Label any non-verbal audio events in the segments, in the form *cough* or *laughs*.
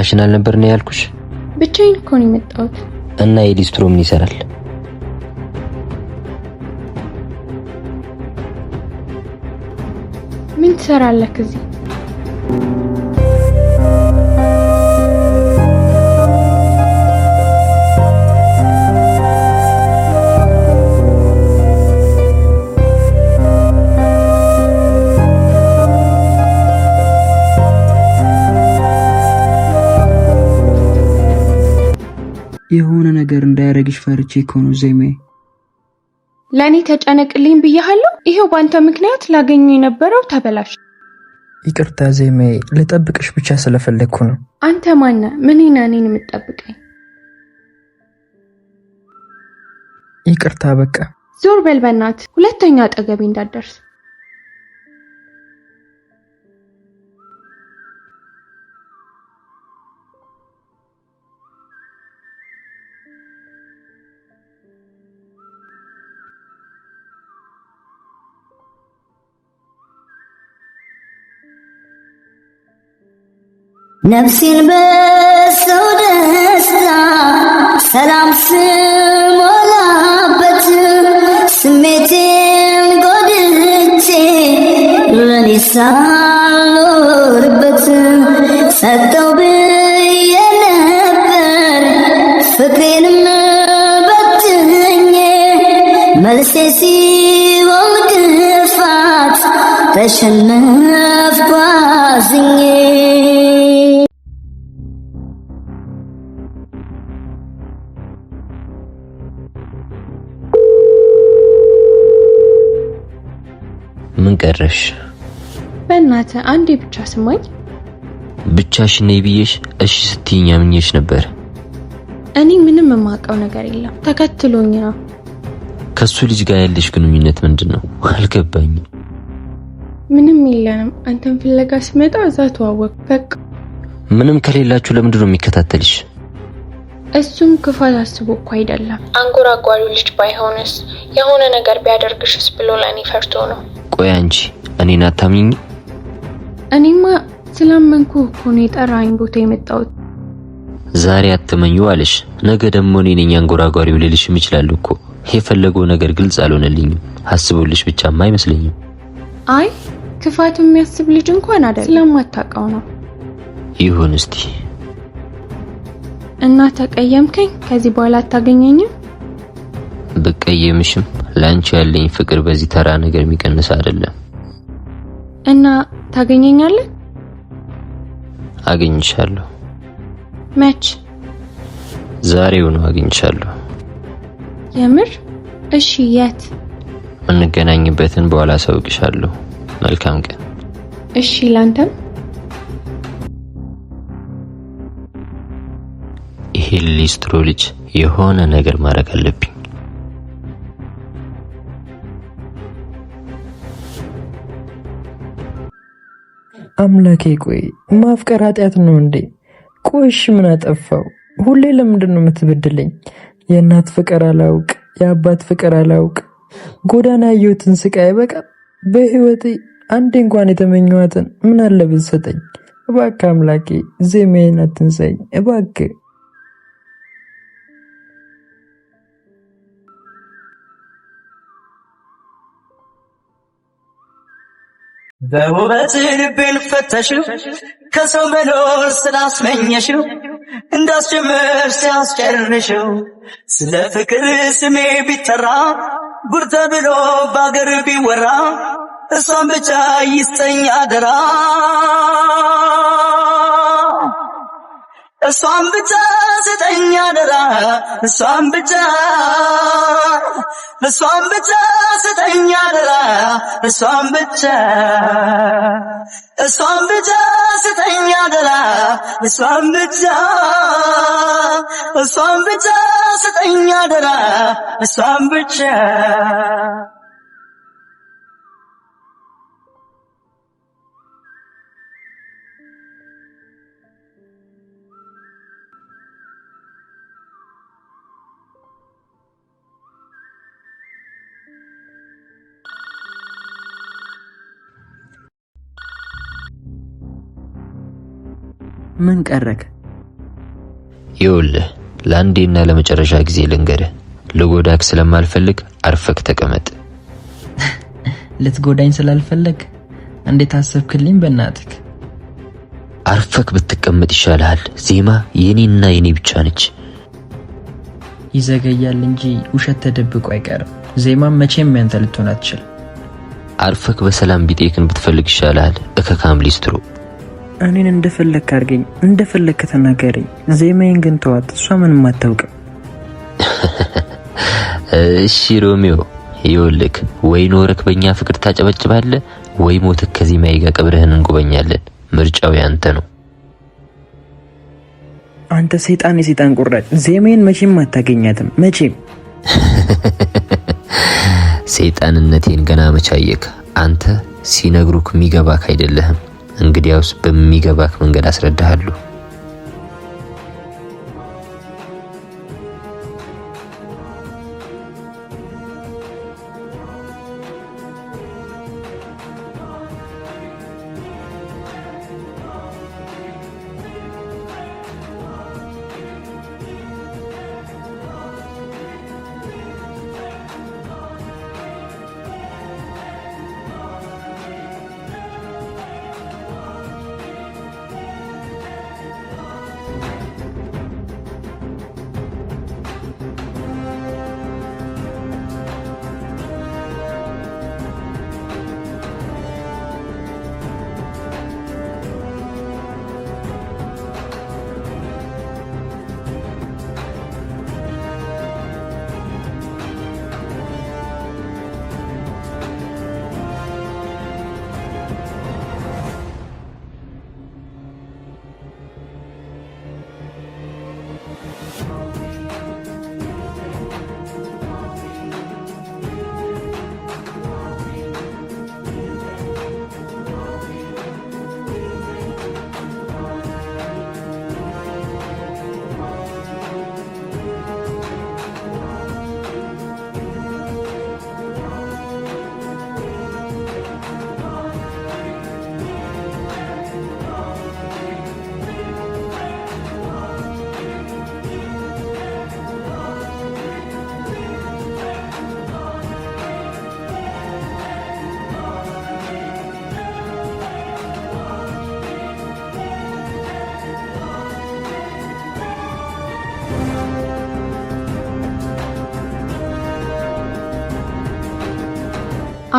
ብቻሽን አልነበር ነው ያልኩሽ? ብቻዬን እኮ ነው የመጣሁት። እና የሊስትሮ ምን ይሰራል? ምን ትሰራለህ እዚህ? የሆነ ነገር እንዳያረግሽ ፈርቼ እኮ ነው ዜሜ። ለእኔ ተጨነቅልኝ ብያሃለሁ። ይሄው በአንተ ምክንያት ላገኙ የነበረው ተበላሽ። ይቅርታ ዜሜ፣ ልጠብቅሽ ብቻ ስለፈለግኩ ነው። አንተ ማነ? ምንና እኔን የምጠብቀኝ? ይቅርታ በቃ ዞር በልበናት ሁለተኛ አጠገቤ እንዳደርስ ነፍሴን በሰው ደስታ ሰላም ስሞላበት ስሜቴን ጎድቼ ለኔ ሳልኖርበት ሰጠው መልሴ ሲኦል ግፋት ተሸነፍኩ አዝኜ ምን ቀረሽ? በእናትህ አንዴ ብቻ ስማኝ። ብቻሽን ነይ ብዬሽ እሺ ስትይኝ አምኜሽ ነበር። እኔ ምንም የማውቀው ነገር የለም። ተከትሎኝ ነው ከሱ ልጅ ጋር ያለሽ ግንኙነት ምንድን ነው? አልገባኝም። ምንም የለንም። አንተን ፍለጋ ስመጣ እዛ ተዋወቅ። በቃ ምንም ከሌላችሁ ለምንድን ነው የሚከታተልሽ? እሱም ክፋት አስቦ እኮ አይደለም። አንጎራጓሪው ልጅ ባይሆንስ የሆነ ነገር ቢያደርግሽስ ብሎ ለእኔ ፈርቶ ነው። ቆይ አንቺ እኔን አታምኝ? እኔማ ስላመንኩ እኮ ነው የጠራኝ ቦታ የመጣሁት። ዛሬ አትመኙ አለሽ፣ ነገ ደግሞ እኔ ነኝ አንጎራጓሪው ልልሽም ይችላል እኮ የፈለገው ነገር ግልጽ አልሆነልኝም። አስቦልሽ ብቻማ አይመስለኝም። አይ ክፋቱ የሚያስብ ልጅ እንኳን አይደለም፣ ስለማታውቀው ነው። ይሁን እስቲ እና ተቀየምከኝ፣ ከዚህ በኋላ አታገኘኝም። ብቀየምሽም ለአንቺ ያለኝ ፍቅር በዚህ ተራ ነገር የሚቀንስ አይደለም። እና ታገኘኛለህ? አገኝሻለሁ። መች? ዛሬው ነው አገኝሻለሁ። የምር? እሺ፣ የት እንገናኝበትን? በኋላ አሳውቅሻለሁ። መልካም ቀን። እሺ፣ ላንተም። ይሄ ሊስትሮ ልጅ የሆነ ነገር ማድረግ አለብኝ። አምላኬ ቆይ ማፍቀር ኃጢአት ነው እንዴ? ቆይሽ ምን አጠፋው? ሁሌ ለምንድን ነው የምትበድለኝ? የእናት ፍቅር አላውቅ፣ የአባት ፍቅር አላውቅ፣ ጎዳና ያየሁትን ስቃይ በቃ በህይወቴ አንድ እንኳን የተመኘኋትን ምን አለ ብትሰጠኝ። እባክ አምላኬ ዜማዬን አትንሳኝ እባክ። በውበት ልቤን ፈተሽው ከሰው መኖር ስላስመኘሽው እንዳስጀምር ሲያስጨርሽው ስለ ፍቅር ስሜ ቢጠራ ጉርተ ተብሎ በአገር ቢወራ እሷን ብቻ ይስጠኝ አደራ እሷን ብቻ ስጠኝ አደራ፣ እሷን ብቻ እሷን ብቻ ስጠኝ አደራ፣ እሷን ብቻ እሷን ብቻ ስጠኝ አደራ፣ እሷን ብቻ እሷን ብቻ ስጠኝ አደራ፣ እሷን ብቻ ምን ቀረክ? ይኸውልህ ለአንዴና ለመጨረሻ ጊዜ ልንገርህ፣ ልጎዳክ ስለማልፈልግ አርፈክ ተቀመጥ። *laughs* ልትጎዳኝ ስላልፈለግ እንዴት አሰብክልኝ? በእናትክ አርፈክ ብትቀመጥ ይሻልሃል። ዜማ የኔና የኔ ብቻ ነች። ይዘገያል እንጂ ውሸት ተደብቆ አይቀርም። ዜማም መቼም ያንተ ልትሆን አትችል። አርፈክ በሰላም ቢጤክን ብትፈልግ ይሻልሃል። እከካም ሊስትሮ እኔን እንደፈለክ አድርገኝ፣ እንደፈለክ ተናገረኝ። ዜማዬን ግን ተዋት፣ እሷ ምንም አታውቅም። *laughs* እሺ ሮሚዮ ይኸውልህ፣ ወይ ኖረክ በእኛ ፍቅር ታጨበጭባለ ወይ ሞትክ ከዜማዬ ጋር ቀብርህን እንጎበኛለን። ምርጫው ያንተ ነው። አንተ ሰይጣን፣ የሰይጣን ቁራጭ፣ ዜማዬን መቼም አታገኛትም። መቼም *laughs* ሰይጣንነቴን ገና መቻየክ አንተ ሲነግሩክ የሚገባክ አይደለህም። እንግዲያውስ በሚገባክ መንገድ አስረዳሃለሁ።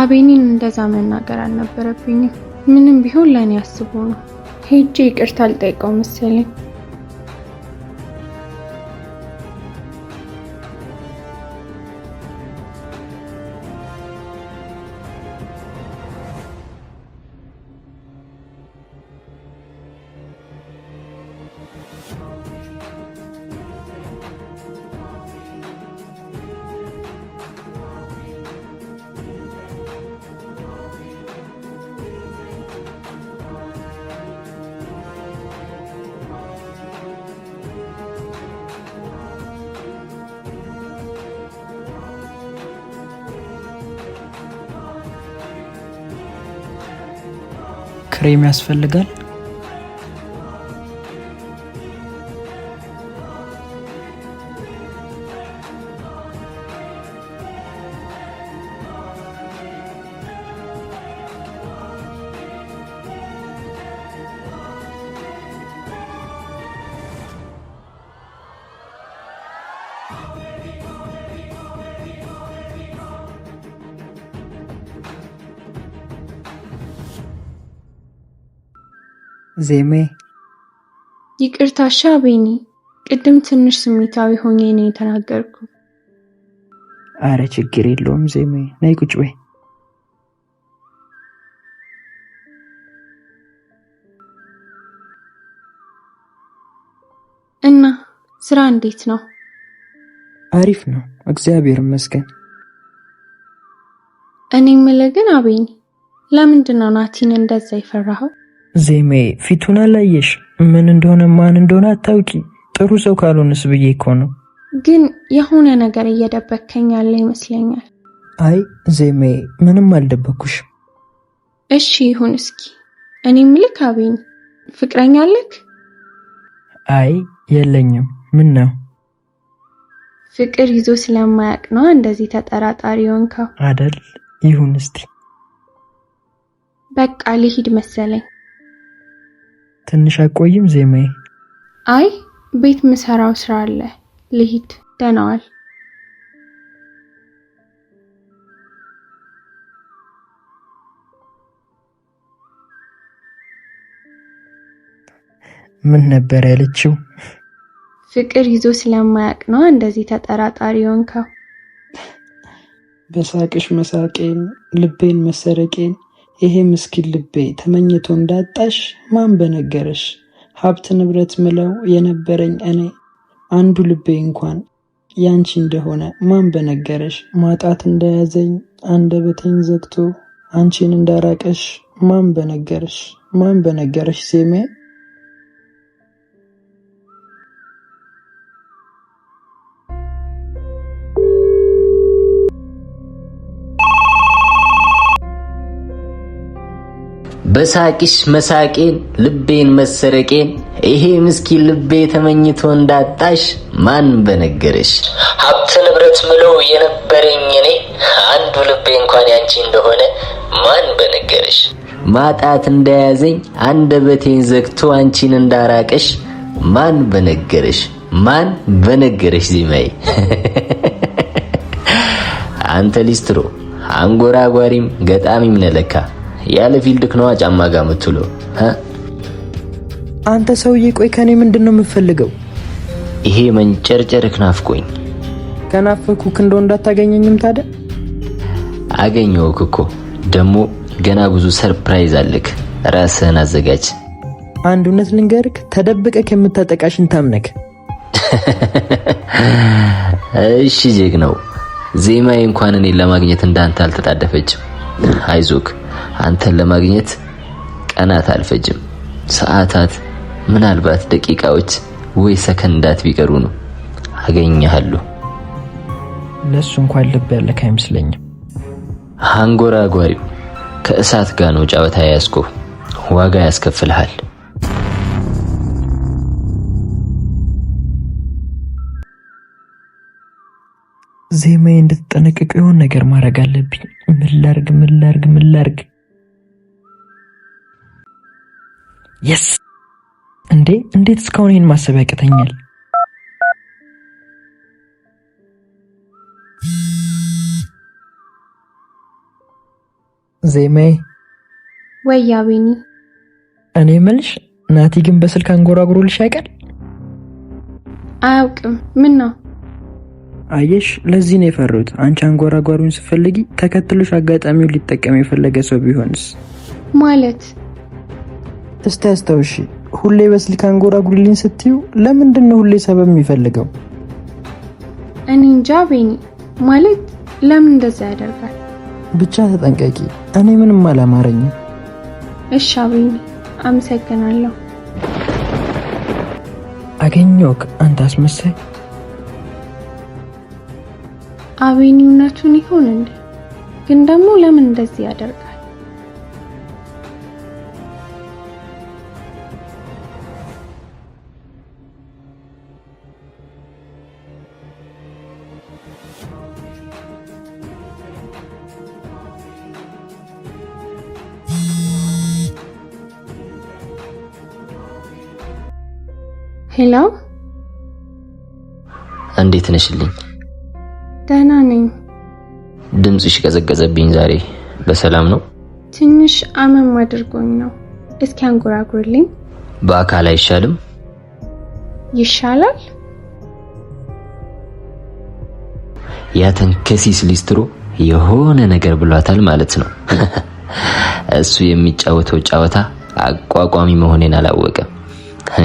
አቤኔን እንደዛ መናገር አልነበረብኝም። ምንም ቢሆን ለእኔ አስቦ ነው ሄጄ ይቅርታ አልጠይቀው መሰለኝ። ክሬም ያስፈልጋል ዜሜ ይቅርታሻ ቤኒ፣ ቅድም ትንሽ ስሜታዊ ሆኜ ነው የተናገርኩ። አረ ችግር የለውም ዜሜ፣ ነይ ቁጭ በይ። እና ስራ እንዴት ነው? አሪፍ ነው እግዚአብሔር መስገን እኔ የምልህ ግን አቤኒ፣ ለምንድን ናቲን እንደዛ የፈራኸው? ዜሜ ፊቱን አላየሽ? ምን እንደሆነ ማን እንደሆነ አታውቂ። ጥሩ ሰው ካልሆነስ ብዬ እኮ ነው። ግን የሆነ ነገር እየደበከኝ ያለ ይመስለኛል። አይ ዜሜ፣ ምንም አልደበኩሽ። እሺ ይሁን። እስኪ እኔ ልክ አቤኝ፣ ፍቅረኛ አለክ? አይ የለኝም። ምን ነው ፍቅር ይዞ ስለማያውቅ ነው እንደዚህ ተጠራጣሪ ሆንከው አደል? ይሁን እስቲ። በቃ ልሂድ መሰለኝ ትንሽ አቆይም ዜማዬ? አይ ቤት ምሰራው ስራ አለ ልሂድ። ደህና ዋል። ምን ነበር ያለችው? ፍቅር ይዞ ስለማያውቅ ነው እንደዚህ ተጠራጣሪ ሆንከው። በሳቅሽ መሳቄን ልቤን መሰረቄን ይሄ ምስኪን ልቤ ተመኝቶ እንዳጣሽ ማን በነገረሽ? ሀብት ንብረት ምለው የነበረኝ እኔ አንዱ ልቤ እንኳን ያንቺ እንደሆነ ማን በነገረሽ? ማጣት እንደያዘኝ አንደበቴን ዘግቶ አንቺን እንዳራቀሽ ማን በነገረሽ? ማን በነገረሽ ዜማዬ በሳቂሽ መሳቄን ልቤን መሰረቄን ይሄ ምስኪን ልቤ ተመኝቶ እንዳጣሽ ማን በነገረሽ? ሀብት ንብረት ምለው የነበረኝ እኔ አንዱ ልቤ እንኳን ያንቺ እንደሆነ ማን በነገረሽ? ማጣት እንደያዘኝ አንደበቴን ዘግቶ አንቺን እንዳራቀሽ ማን በነገረሽ? ማን በነገረሽ? ዜማዬ *laughs* አንተ ሊስትሮ አንጎራጓሪም ገጣሚም ነለካ ያለ ፊልድክ ነዋ ጫማ ጋር የምትውለው። አንተ ሰውዬ ቆይ ከኔ ምንድን ነው የምፈልገው? ይሄ መንጨርጨርክ ናፍቆኝ። ከናፈኩክ እንደው እንዳታገኘኝም ታዲያ። አገኘሁክ እኮ ደግሞ ገና ብዙ ሰርፕራይዝ አለክ። ራስህን አዘጋጅ። አንድ እውነት ልንገርክ፣ ተደብቀክ የምታጠቃሽን ታምነክ። *laughs* እሺ ነው። ዜማዬ እንኳን እኔን ለማግኘት እንዳንተ አልተጣደፈችም። አይዞክ አንተን ለማግኘት ቀናት አልፈጅም። ሰዓታት፣ ምናልባት ደቂቃዎች ወይ ሰከንዳት ቢቀሩ ነው። አገኘሃለሁ። ለሱ እንኳን ልብ ያለህ አይመስለኝም። አንጎራጓሪው ከእሳት ጋር ነው ጨዋታ ያስቆ ዋጋ ያስከፍልሃል። ዜማዬ እንድትጠነቅቅ የሆነ ነገር ማድረግ አለብኝ። ምን ላርግ? ምን ላርግ? ምን ላርግ? የስ እንዴ! እንዴት እስካሁን ይህን ማሰብ ያቅተኛል? ዜማ ወያ ቤኒ፣ እኔ ምልሽ ናቲ ግን በስልክ አንጎራጉሮልሽ ያውቃል? አያውቅም። ምን ነው አየሽ፣ ለዚህ ነው የፈሩት። አንቺ አንጎራጓሪውን ስትፈልጊ ተከትሎሽ አጋጣሚውን ሊጠቀም የፈለገ ሰው ቢሆንስ ማለት እስቲ አስታውሺ፣ ሁሌ በስልክ አንጎራጉሪልኝ ስትዩ ለምንድን ነው ሁሌ ሰበብ የሚፈልገው? እኔ እንጃ ቤኒ። ማለት ለምን እንደዛ ያደርጋል? ብቻ ተጠንቀቂ። እኔ ምንም አላማረኝም። እሺ ቤኒ፣ አመሰግናለሁ። አገኘሁህ አንተ አስመሳይ። አቤኒ እውነቱን ይሆን እንዴ? ግን ደግሞ ለምን እንደዚህ ያደርጋል? ሄሎ፣ እንዴት ነሽልኝ? ደህና ነኝ። ድምፅሽ ቀዘቀዘብኝ ዛሬ። በሰላም ነው? ትንሽ አመም አድርጎኝ ነው። እስኪ አንጎራጉርልኝ። በአካል አይሻልም? ይሻላል። ያ ተንከሲስ ሊስትሮ የሆነ ነገር ብሏታል ማለት ነው። *laughs* እሱ የሚጫወተው ጨዋታ አቋቋሚ መሆኔን አላወቀም።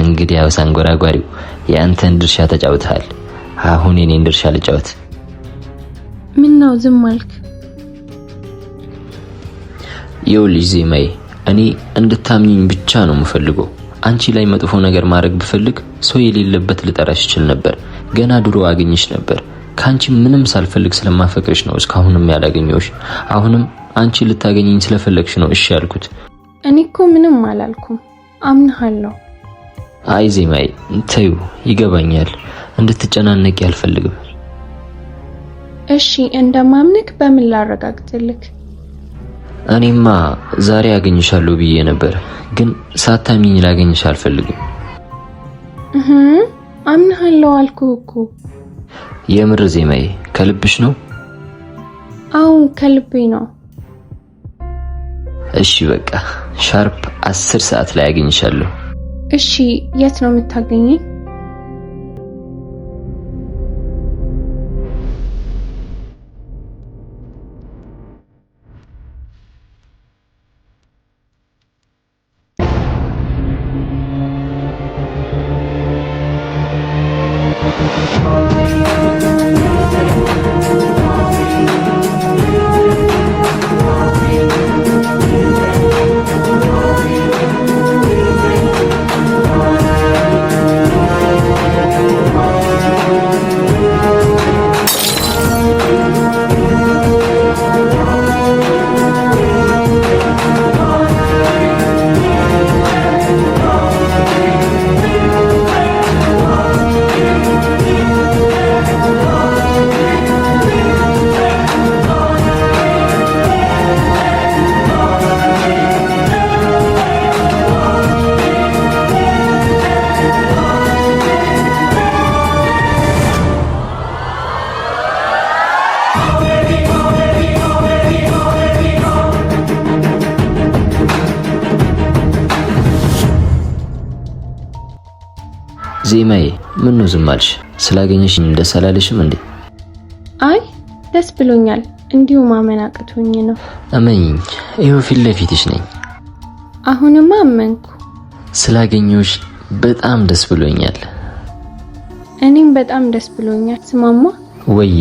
እንግዲህ ያው አንጎራጓሪው የአንተን ድርሻ ተጫውተሃል። አሁን የኔን ድርሻ ልጫወት። ምን ነው ዝም አልክ? ይኸውልሽ ዜማዬ፣ እኔ እንድታምኚኝ ብቻ ነው የምፈልገው። አንቺ ላይ መጥፎ ነገር ማድረግ ብፈልግ ሰው የሌለበት ልጠራሽ ይችል ነበር። ገና ድሮ አገኝሽ ነበር። ከአንቺ ምንም ሳልፈልግ ስለማፈቅርሽ ነው እስካሁንም ያላገኘሁሽ። አሁንም አንቺ ልታገኘኝ ስለፈለግሽ ነው እሺ ያልኩት። እኔ እኮ ምንም አላልኩም፣ አምንሃለሁ አይ ዜማዬ ተዩ፣ ይገባኛል። እንድትጨናነቂ አልፈልግም። እሺ፣ እንደማምንክ በምን ላረጋግጥልክ? እኔማ ዛሬ አገኝሻለሁ ብዬ ነበር፣ ግን ሳታሚኝ ላገኝሽ አልፈልግም። እህ አምንሃለሁ አልኩህ እኮ። የምር ዜማዬ፣ ከልብሽ ነው? አው ከልቤ ነው። እሺ በቃ ሻርፕ አስር ሰዓት ላይ አገኝሻለሁ። እሺ የት ነው የምታገኘኝ? ዝም አልሽ? ስላገኘሽ ደስ አላለሽም እንዴ? አይ ደስ ብሎኛል። እንዲሁ ማመን አቅቶኝ ነው። እመኝኝ፣ ይኸው ፊት ለፊትሽ ነኝ። አሁንማ አመንኩ። ስላገኘሁሽ በጣም ደስ ብሎኛል። እኔም በጣም ደስ ብሎኛል። ስማማ ወዬ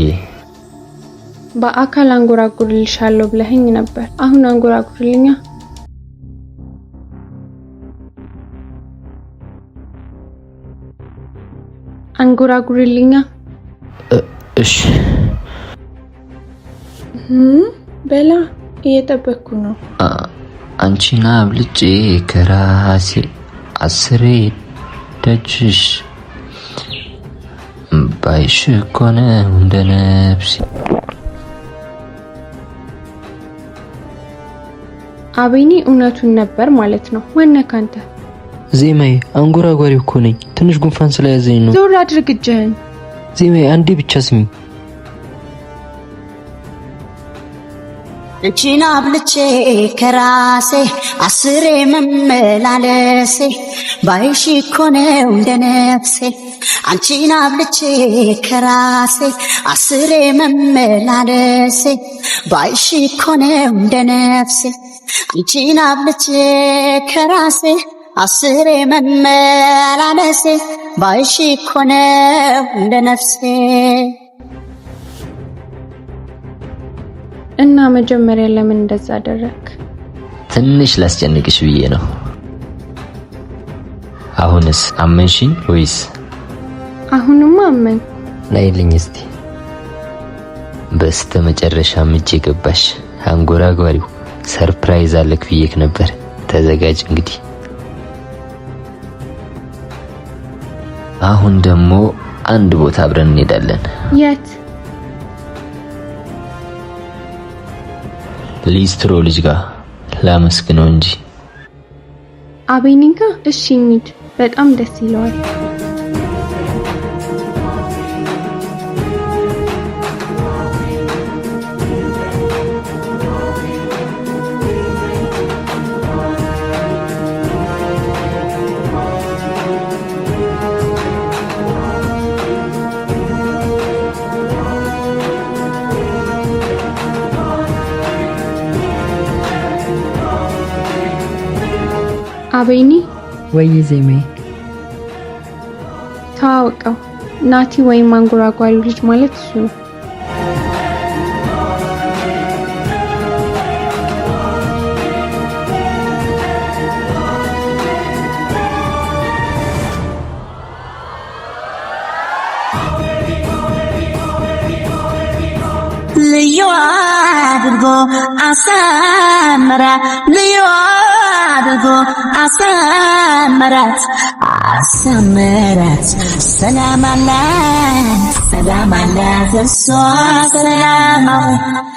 በአካል አንጎራጉርልሻለሁ ብለህኝ ነበር። አሁን አንጎራጉርልኛ። አንጎራጉርልኛ። እሺ በላ እየጠበቅኩ ነው። አንቺና አብልጬ ከራሴ አስሬ ደጅሽ ባይሽ እኮ ነው እንደ ነፍሴ። እውነቱን ነበር ማለት ነው። ወነካንተ ዜማዬ አንጎራጓሪ እኮ ነኝ። ትንሽ ጉንፋን ስለያዘኝ ነው። ዞር አድርግ እጅህን። ዜማዬ አንዴ ብቻ ስሚ። እጅና አብልቼ ከራሴ አስሬ መመላለሴ ባይሽ እኮ ነው እንደ ነፍሴ አንቺን አብልቼ ከራሴ አስሬ መመላለሴ ባይሽ እኮ ነው እንደ ነፍሴ አንቺን አብልቼ ከራሴ አስሬ መመላለሴ ባይሽ እኮ ነው እንደ ነፍሴ። እና መጀመሪያ ለምን እንደዛ አደረክ? ትንሽ ላስጨንቅሽ ብዬ ነው። አሁንስ አመንሽኝ ወይስ? አሁንማ አመን ላይልኝ እስቲ። በስተ መጨረሻ ምጄ ገባሽ። አንጎራጓሪው ሰርፕራይዝ አለክ ብዬክ ነበር። ተዘጋጅ እንግዲህ አሁን ደግሞ አንድ ቦታ አብረን እንሄዳለን። የት? ሊስትሮ ልጅ ጋር ላመስግነው እንጂ አቤኔ ጋር። እሺ እንሂድ፣ በጣም ደስ ይለዋል። አበይኒ ወይ ዜሜ ተዋወቀው ናቲ ወይም አንጎራጓሪው ልጅ ማለት እሱ ነው። አድርጎ አሰመራት ልዩ አድርጎ አሰመራት አሰመራት ሰላም አላት ሰላም አላት እሷ ሰላም